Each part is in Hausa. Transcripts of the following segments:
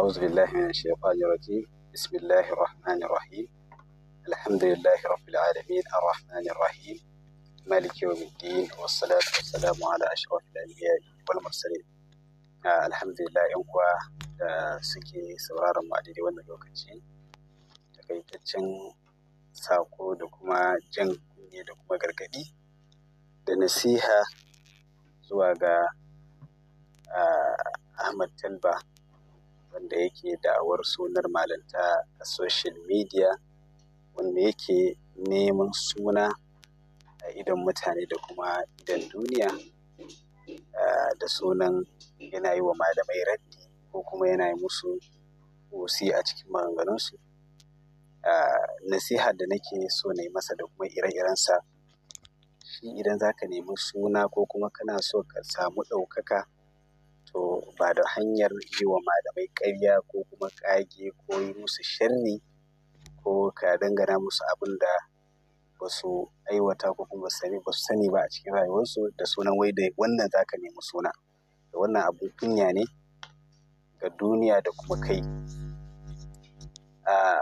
أعوذ بالله من الشيطان الرجيم بسم الله الرحمن الرحيم الحمد لله رب العالمين الرحمن الرحيم مالك يوم الدين والصلاة والسلام على أشرف الأنبياء والمرسلين الحمد لله ينقوى suke sauraron mu a daidai wannan lokaci takaitaccen sako da دكما قرقدي دنسيها زواغا kuma gargaɗi da wanda yake da'awar sunar malinta a social media wanda yake neman suna a idan mutane da kuma idan duniya da sunan yana yi wa malamai raddi ko kuma yana yi musu wasi a cikin maganganunsu nasiha da nake so na yi masa da kuma ire-irensa shi idan za ka nemi suna ko kuma kana so ka samu ɗaukaka to ba da hanyar yi wa malamai ƙarya ko kuma ƙage ko yi musu sharri ko ka dangana musu abin da ba su aiwata ko kuma ba su sani ba a cikin rayuwarsu da sunan wai da wannan za ka nemi suna da wannan abin kunya ne ga duniya da kuma kai a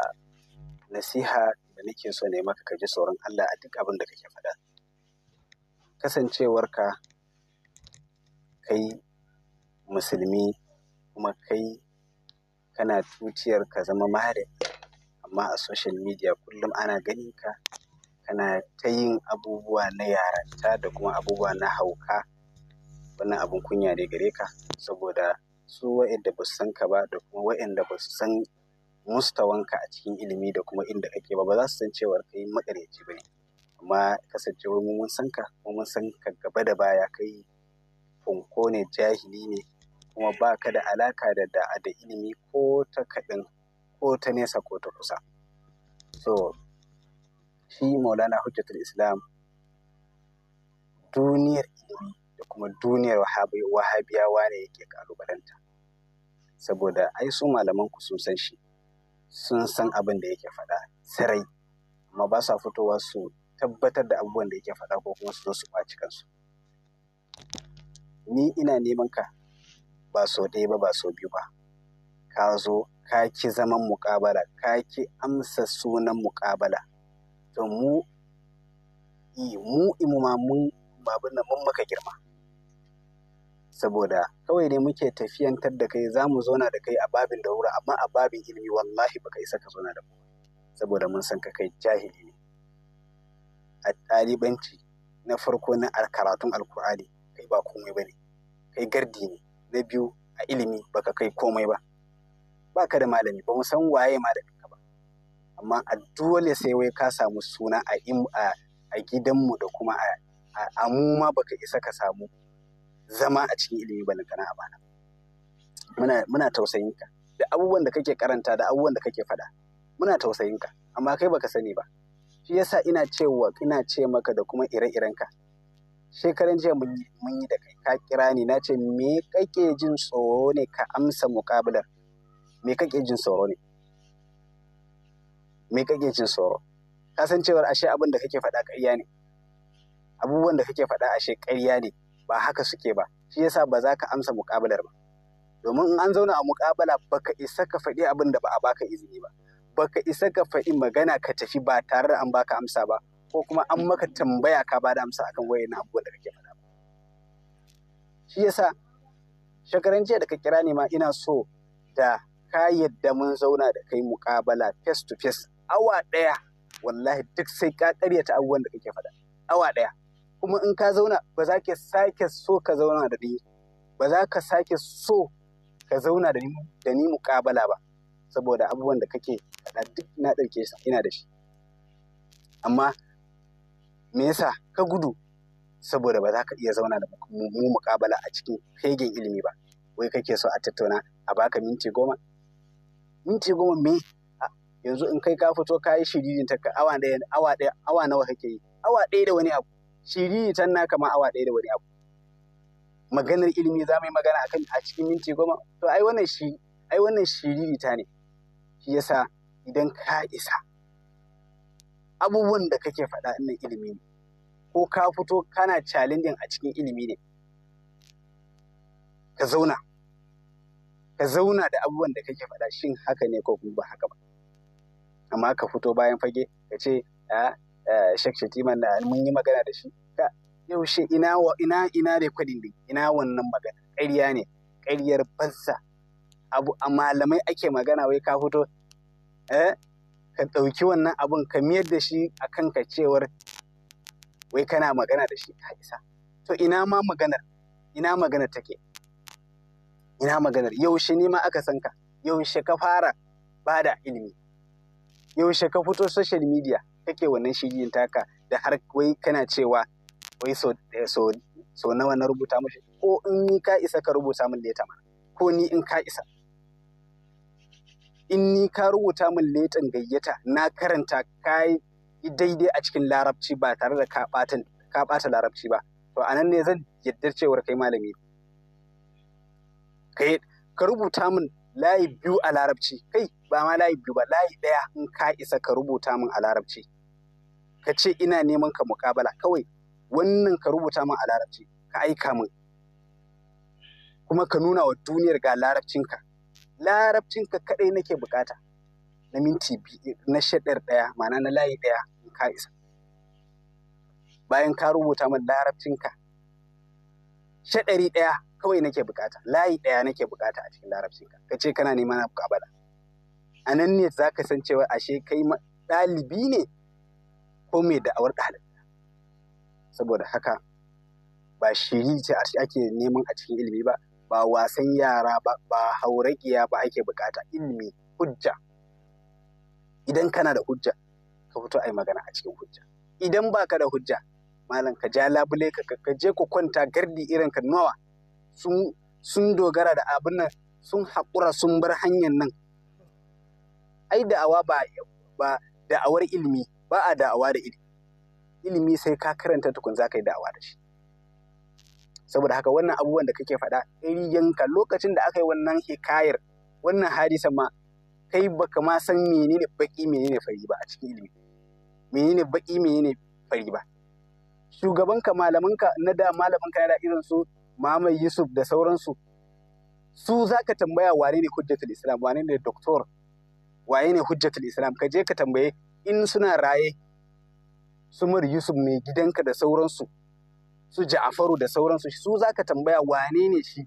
nasiha da nake so ne maka ka ji sauran Allah a duk abin da kake faɗa kasancewarka kai musulmi kuma kai kana tuciyar ka zama malami amma a social media kullum ana ganin ka kana ta yin abubuwa na yaranta da kuma abubuwa na hauka wannan abin kunya ne gare ka saboda su wa'inda ba su san ka ba da kuma wa'inda ba su san mustawanka a cikin ilimi da kuma inda kake ba ba za su san cewa kai makareci ba ne amma kasancewar mu mun san ka mun san ka gaba da baya kai funko ne jahili ne kuma ba ka da alaka da da ilimi ko ta kaɗan ko ta nesa ko ta kusa so shi maulana hujjatul islam duniyar ilimi da kuma duniyar wahabiyawa ne yake kalubalanta saboda ai su malaman ku sun san shi sun san abin da yake faɗa sarai amma ba sa fitowa su tabbatar da abubuwan da yake faɗa ko kuma su zo su ɓaci kansu ni ina neman ka ba so ɗaya ba ba sau biyu ba ka zo ka ki zaman muƙabala ka ki amsa sunan muƙabala to mu mu imuma mun babu na mun maka girma saboda kawai ne muke tafiyantar da kai za mu zauna da kai a babin da amma a babin ilimi wallahi baka isa ka zauna da mu saboda mun san ka kai jahili ne a ɗalibanci na farko na karatun alkur'ani kai ba komai ba ne kai gardi ne na biyu a ilimi baka kai komai ba baka da malami ba san waye malami ka ba amma a dole sai wai ka samu suna a a gidanmu da kuma a mu ma baka isa ka samu zama a cikin ilimi ba na a bana muna tausayin ka da abubuwan da kake karanta da abubuwan da kake faɗa muna tausayin ka amma kai baka sani ba shi yasa ina cewa ina ce maka da kuma ire iren ka. shekaran jiya mun yi da kai ka kira ni na ce me kake jin tsoro ne ka amsa muƙabilar me kake jin tsoro ne me kake jin tsoro ka san cewar ashe abin da kake faɗa ƙarya ne abubuwan da kake faɗa ashe ƙarya ne ba haka suke ba shi yasa ba za ka amsa muƙabalar ba domin in an zauna a muƙabala baka isa ka faɗi abin da ba a baka izini ba baka isa ka faɗi magana ka tafi ba tare da an baka amsa ba ko kuma an maka tambaya ka ba da amsa akan na abubuwan da kake faɗa shi yasa shekaran jiya da ka kira ni ma ina so da ka yadda mun zauna da kai muƙabala face to face awa ɗaya wallahi duk sai ka ƙaryata abubuwan da kake faɗa awa ɗaya kuma in ka zauna ba za ka sake so ka zauna da ni ba za ka sake so ka zauna da ni muƙabala ba saboda abubuwan da kake faɗa duk na ɗauke ina da shi amma me yasa ka gudu saboda ba za ka iya zauna da mu mukabala a cikin fegen ilimi ba wai kake so a tattauna a baka minti goma minti goma me yanzu in kai ka fito ka yi shiririn ta ka awa ɗaya awa ɗaya awa nawa kake yi awa ɗaya da wani abu shiriri tan naka ma awa ɗaya da wani abu maganar ilimi za mu yi magana akan a cikin minti goma to ai wannan shi ai wannan shiriri ta ne shi yasa idan ka isa abubuwan da kake faɗa ɗin ilimi ne ko ka fito kana challenging a cikin ilimi ne ka zauna ka zauna da abubuwan da kake faɗa shin haka ne ko kuma ba haka ba amma ka fito bayan fage ka ce a ah, eh, shek shetiman da mun yi magana da shi ka yaushe ina ina ina rekodin din ina wannan magana ƙarya ne ƙaryar banza abu a malamai ake magana wai ka fito eh ka ɗauki wannan abun ka miyar da shi a kanka cewar wai kana magana da shi ka isa to ina ma maganar ina maganar take ina maganar yaushe ne ma aka san ka yaushe ka fara ba da ilimi yaushe ka fito social media kake wannan shigin taka da har wai kana cewa wai so, eh, so, so nawa na rubuta mashi ko in ni ka isa ka rubuta min leta mana ko ni in ka isa in ni ka rubuta min letan gayyata na karanta kai yi daidai a cikin larabci ba tare da ka ɓata larabci ba to a nan ne zan yaddar cewar kai malami kai ka rubuta min layi biyu a larabci kai ba ma layi biyu ba layi ɗaya in ka isa ka rubuta min a larabci ka ce ina neman ka muƙabala kawai wannan ka rubuta min a larabci ka aika min kuma ka nuna wa duniyar ga larabcinka larabcinka kaɗai nake bukata na minti na shaɗar ɗaya ma'ana na layi ɗaya ka isa bayan ka rubuta min larabcinka shaɗari ɗaya kawai nake bukata layi ɗaya nake bukata a cikin larabcinka ka ce kana neman abu kabala a nan ne za ka san cewa ashe kai ɗalibi ne ko mai da'awar dalibi saboda haka ba shiri ce ake neman a cikin ilimi ba ba wasan yara ba ba hauraƙiya ba ake bukata ilimi hujja idan kana da hujja ka fito ai magana a cikin hujja idan ba ka da hujja malam ka ja labule ka ka je ku kwanta gardi irin ka nawa sun sun dogara da abin nan sun haƙura sun bar hanyar nan ai da'awa ba ba da'awar ilimi ba a da'awa da ilimi ilimi sai ka karanta tukun za ka yi da'awa da shi saboda haka wannan abubuwan da kake faɗa yanka lokacin da aka yi wannan hikayar wannan hadisa ma kai baka ma san menene baki menene fari ba a cikin ilimi menene baƙi menene fari ba shugabanka malamanka na da malamanka na da irin su Muhammad Yusuf da sauransu su za ka tambaya wane ne hujjatul Islam wane ne doktor waye ne hujjatul Islam ka je ka tambaye in suna raye su Mur Yusuf mai gidanka da sauransu su Ja'faru da sauransu su za ka tambaya wane ne shi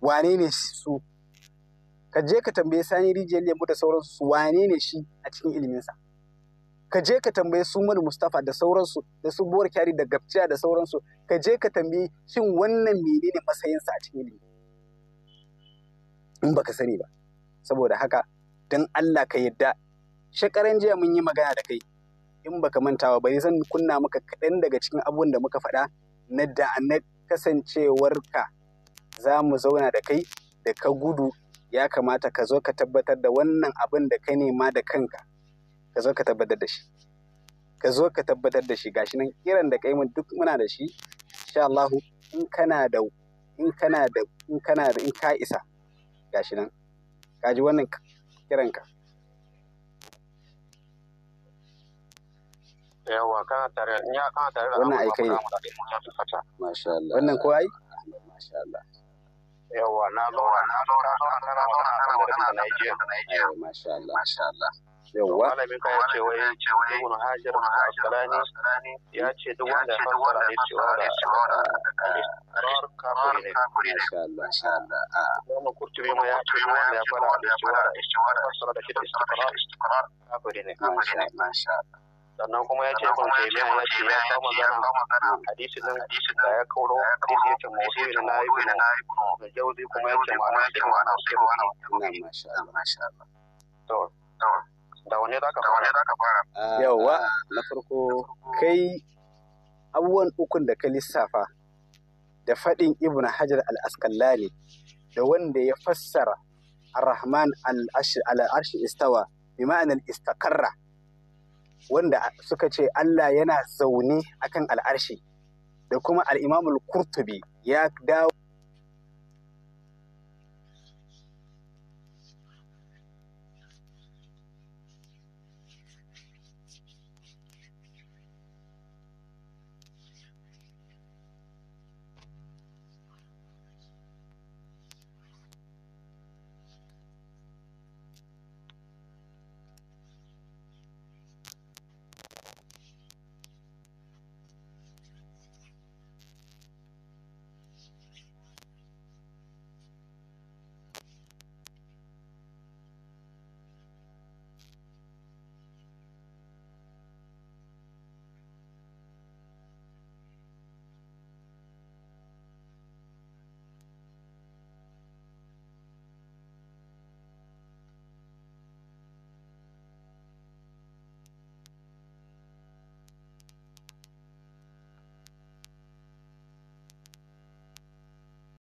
wane ne su ka je ka tambaye sani rijiyar lemu da sauransu wane ne shi a cikin iliminsa ka je ka tambaye su Mustapha mustafa da sauransu da su buwar kyari da gabciya da sauransu ka je ka tambaye shin wannan menene matsayinsa a cikin ilimi in baka sani ba saboda haka don Allah ka yadda shekaran jiya mun yi magana da kai in baka mantawa bari zan kunna maka kaɗan daga cikin abubuwan da muka faɗa na da na kasancewarka za mu zauna da kai da ka gudu ya kamata ka zo ka tabbatar da wannan abin da ka nema da kanka ka zo ka tabbatar da shi ka zo ka tabbatar da shi gashi nan kiran da kai mun duk muna da shi insha Allah in kana da in kana da in kana da in ka isa gashi nan ka ji wannan ka yawa kana tare ya kana tare da wannan aikai masha Allah wannan ko ai masha Allah yawa na zauna na zauna na zauna na zauna masha Allah masha Allah yawa malamin ka ya ce wai ibn hajar al-asqalani ya ce duk wanda ya fara ne cewa da karar kafiri ne masha Allah masha Allah kuma ah. ah. kurtubi ma ya ce wanda ya fara da cewa da da shi istiqrar kafiri ne masha Allah sannan kuma ya ce ibn taymiya ya ce ya kawo magana hadisi din da ya kauro hadisi ya ce da na ibn da jauzi kuma ya ce ma'ana wa na sai wa ana to da wani fara ah, yawa ah. na farko kai abubuwan ukun da ka lissafa da faɗin ibn hajar al-askallani da wanda ya fassara ar-rahman al-arshi istawa bi ma'anar istakarra wanda suka ce Allah yana zaune akan al'arshi da kuma al'imamul kurtubi ya dawo